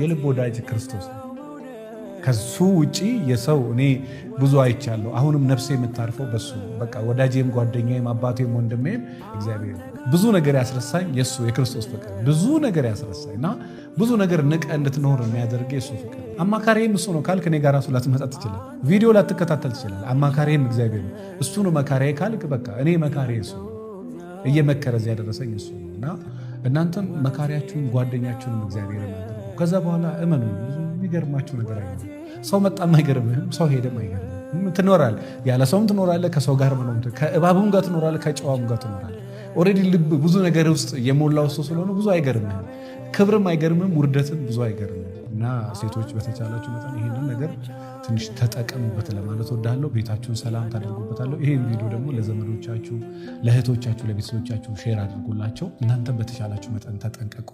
የልብ ወዳጅ ክርስቶስ ነው። ከሱ ውጪ የሰው እኔ ብዙ አይቻለሁ። አሁንም ነፍሴ የምታርፈው በሱ በቃ ወዳጄም፣ ጓደኛዬም፣ አባቴም፣ ወንድሜም እግዚአብሔር ብዙ ነገር ያስረሳኝ የሱ የክርስቶስ ፍቅር ብዙ ነገር ያስረሳኝ እና ብዙ ነገር ንቀ እንድትኖር የሚያደርግ የሱ ፍቅር። አማካሪም እሱ ነው ካልክ እኔ ጋር ራሱ ላትመጣ ትችላል። ቪዲዮ ላትከታተል ትችላል። አማካሪም እግዚአብሔር ነው። እሱ ነው መካሪ ካልክ በቃ እኔ መካሪ እሱ እየመከረ ያደረሰኝ እሱ ነው እና እናንተም መካሪያችሁን ጓደኛችሁንም እግዚአብሔር ከዛ በኋላ እመኑ የሚገርማቸው ነገር አይ ሰው መጣም አይገርምህም፣ ሰው ሄደም አይገርምህም። ትኖራል ያለ ሰውም ትኖራለ፣ ከሰው ጋር መኖም ከእባቡም ጋር ትኖራለ፣ ከጨዋም ጋር ትኖራለ። ኦልሬዲ ልብ ብዙ ነገር ውስጥ የሞላው ሰው ስለሆነ ብዙ አይገርምህም። ክብርም አይገርምም፣ ውርደትም ብዙ አይገርምም። እና ሴቶች በተቻላችሁ መጠን ይህን ነገር ትንሽ ተጠቀሙበት ለማለት ወዳለው ቤታችሁን ሰላም ታደርጉበታለሁ። ይሄ ቪዲዮ ደግሞ ለዘመዶቻችሁ፣ ለእህቶቻችሁ፣ ለቤተሰቦቻችሁ ሼር አድርጉላቸው። እናንተም በተቻላችሁ መጠን ተጠንቀቁ።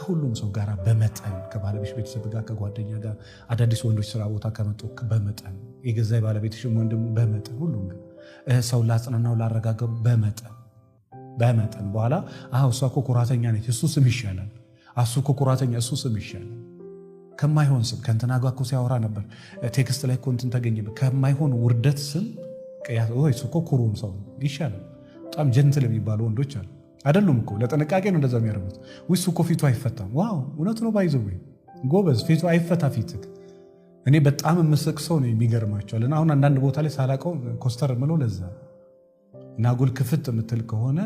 ከሁሉም ሰው ጋር በመጠን ከባለቤት ቤተሰብ ጋር፣ ከጓደኛ ጋር፣ አዳዲስ ወንዶች ስራ ቦታ ከመጡ በመጠን የገዛ የባለቤትሽም ወንድም በመጠን ሁሉም ሰው ላጽናናው ላረጋገቡ በመጠን በመጠን በኋላ አሁ እሷ እኮ ኩራተኛ ነች እሱ ስም ይሻላል እሱ እኮ ኩራተኛ፣ እሱ ስም ይሻል ከማይሆን ስም። ከእንትና ጋር እኮ ሲያወራ ነበር ቴክስት ላይ እኮ እንትን ተገኘ። ከማይሆን ውርደት ስም እሱ እኮ ኩሩም ሰው ይሻል በጣም ጀንትል የሚባሉ ወንዶች አሉ አይደሉም እኮ ለጥንቃቄ ነው እንደዛ የሚያደርጉት። ውስ እኮ ፊቱ አይፈታም። ዋው እውነት ነው። ባይዘ ጎበዝ ፊቱ አይፈታ ፊትህ። እኔ በጣም የምስቅ ሰው ነው የሚገርማቸዋል። እና አሁን አንዳንድ ቦታ ላይ ሳላቀው ኮስተር ምለው ለዛ እና ክፍት የምትል ከሆነ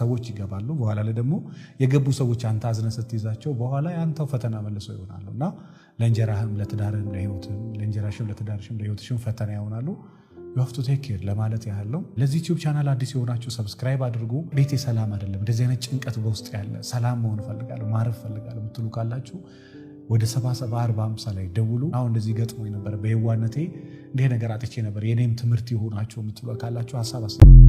ሰዎች ይገባሉ። በኋላ ላይ ደግሞ የገቡ ሰዎች አንተ አዝነ ስትይዛቸው በኋላ አንተው ፈተና መልሰው ይሆናሉ እና ለእንጀራህም፣ ለትዳርህም፣ ለህይወትም ለእንጀራሽም፣ ለትዳርሽም፣ ለህይወትሽም ፈተና ይሆናሉ። ዩሀፍቱ ቴክር ለማለት ያህል ነው። ለዚህ ዩቲዩብ ቻናል አዲስ የሆናችሁ ሰብስክራይብ አድርጉ። ቤቴ ሰላም አይደለም፣ እንደዚህ አይነት ጭንቀት በውስጥ ያለ ሰላም መሆን ፈልጋለሁ፣ ማረፍ ፈልጋለሁ ምትሉ ካላችሁ ወደ 7745 ላይ ደውሉ። አሁን እንደዚህ ገጥሞ ነበር፣ በየዋነቴ እንዲህ ነገር አጥቼ ነበር፣ የኔም ትምህርት የሆናችሁ የምትሉ ካላችሁ ሀሳብ